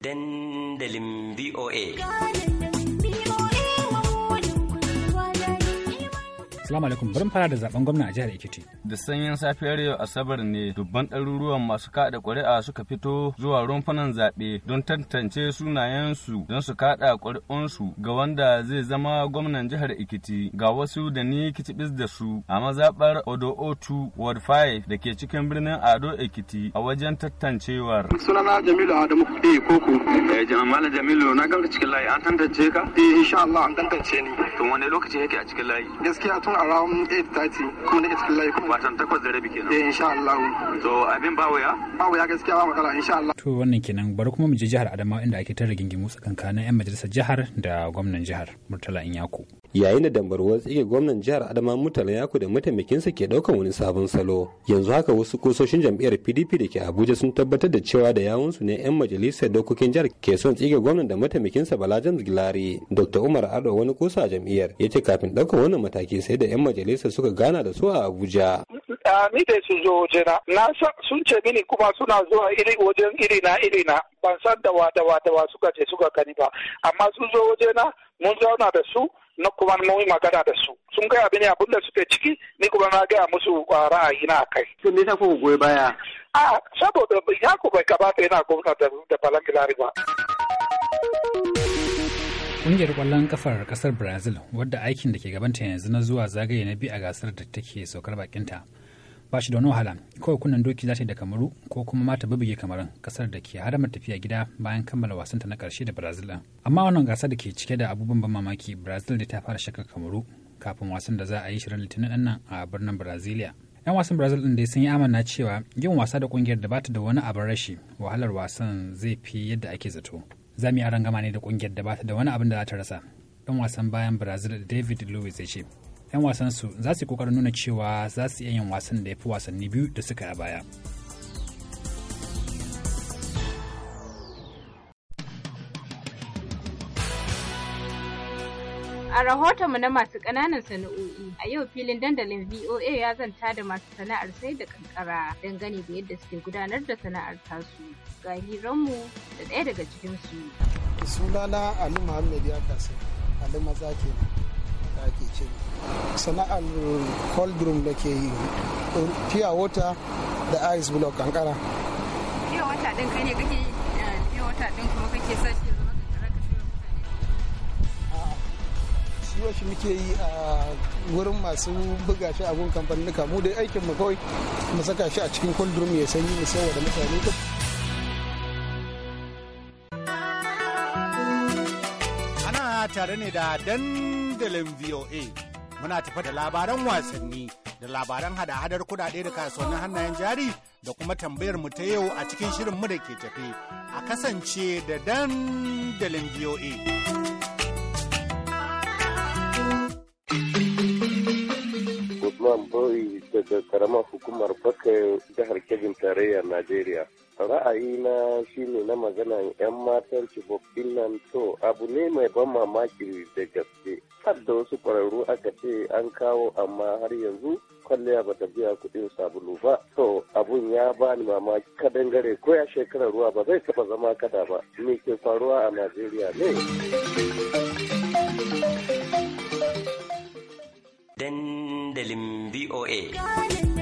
dandalin VOA. Assalamu alaikum bari fara da zaben gwamna a jihar Ekiti. Da sanyin safiyar yau Asabar ne dubban ɗaruruwan masu kaɗa ƙuri'a suka fito zuwa rumfunan zaɓe don tantance sunayensu don su kaɗa ƙuri'unsu ga wanda zai zama gwamnan jihar Ekiti ga wasu da ni kicibis da su a mazaɓar Odo Otu Ward 5 da ke cikin birnin Ado Ekiti a wajen tantancewar. Sunana Jamilu Adamu Kuɗi Koko. Eh, jama'a Jamilu na ganka cikin layi an tantance ka? Eh insha Allah an tantance ni. To wani lokaci yake a cikin layi? Gaskiya tun around 8:30 kuma na iskin layi kuma watan takwas da rabi kenan eh insha Allah to abin ba waya ba waya gaskiya ba matsala insha Allah to wannan kenan bari kuma mu je jihar Adamawa inda ake ta rigingimu tsakankanin yan majalisar jihar da gwamnatin jihar Murtala Inyako yayin da dambarwar tsige gwamnan jihar adama mutala yaku da mataimakinsa ke daukan wani sabon salo yanzu haka wasu kusoshin jam'iyyar pdp da ke abuja sun tabbatar da cewa da yawunsu ne yan majalisar dokokin jihar ke son tsige gwamnan da mataimakinsa bala james gilari dr umar ado wani kusa jam'iyyar ya ce kafin daukan wannan mataki sai da yan majalisar suka gana da su a abuja Ah, ni da su zo wajena na san sun ce mini kuma suna zuwa iri wajen iri na iri na ban san da wata wata suka ce suka kani ba amma sun zo wajena mun zauna da su na kuma mun magana da su sun gaya mini abin da suke ciki ni kuma na gaya musu ah, ra'ayi na kai. To me yasa ku goyi baya? A ah, saboda ya ku bai kamata yana gwamna da Balangilari ba. Ƙungiyar ƙwallon ƙafar ƙasar Brazil wadda aikin da ke gabanta yanzu na zuwa zagaye na biyu a gasar da take saukar bakinta ba shi da wani wahala kawai kunnen doki za ta yi da kamaru ko kuma mata babu bubuge kamarun kasar da ke haramar tafiya gida bayan kammala wasanta na karshe da brazil amma wannan gasa da ke cike da abubuwan ban mamaki brazil da ta fara shakar kamaru kafin wasan da za a yi shirin litinin nan a birnin brazilia yan wasan brazil din dai sun yi amana cewa yin wasa da kungiyar da bata da wani abin rashi wahalar wasan zai fi yadda ake zato za mu yi arangama ne da kungiyar da bata da wani abin da za ta rasa dan wasan bayan brazil david louis ya ce 'yan wasan za su yi kokarin nuna cewa za su iya yin wasan da ya fi wasanni biyu da suka a baya. A rahotonmu na masu ƙananan sana'o'i a yau filin dandalin VOA ya zanta da masu sana'ar sai da kankara dangane da yadda suke gudanar da sana'ar tasu. Ga hiranmu da ɗaya daga cikinsu. Sunana Ali Muhammad ya kasu, Ali Maza kenan. da ake ce sana'ar cold room da ke yi pure wata da ice block kankara pure water din kai ne kake yi eh, pure water din kuma kake sa shi zama ka ka shiwa mutane ah, shiwa shi muke yi a wurin masu buga shi a gun kamfanin mu da aikin mu kawai mu saka shi a cikin cold room ya sanyi mu sayar da mutane tare ne da dandalin VOA. Muna tafa da labaran wasanni da labaran hada-hadar kudade da kasuwannin hannayen jari da kuma tambayar mu ta yau a cikin shirin mu da ke tafe. A kasance da dandalin VOA. oyi daga karamar hukumar Baka jihar Kebbi tarayyar Najeriya. Ra'ayina shi ne na magana 'yan matan Chibok nan to abu ne mai ban mamaki da gaske. Har da wasu ƙwararru aka ce an kawo amma har yanzu kwalliya ba ta biya kuɗin sabulu ba. To abun ya ba ni mamaki kadangare ko ya shekarar ruwa ba zai taɓa zama kada ba. Me ke faruwa a Najeriya ne? fitilin VOA.